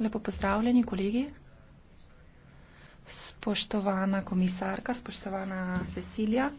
lepo pozdravljeni kolegi spoštovana komisarka spoštovana cecilia!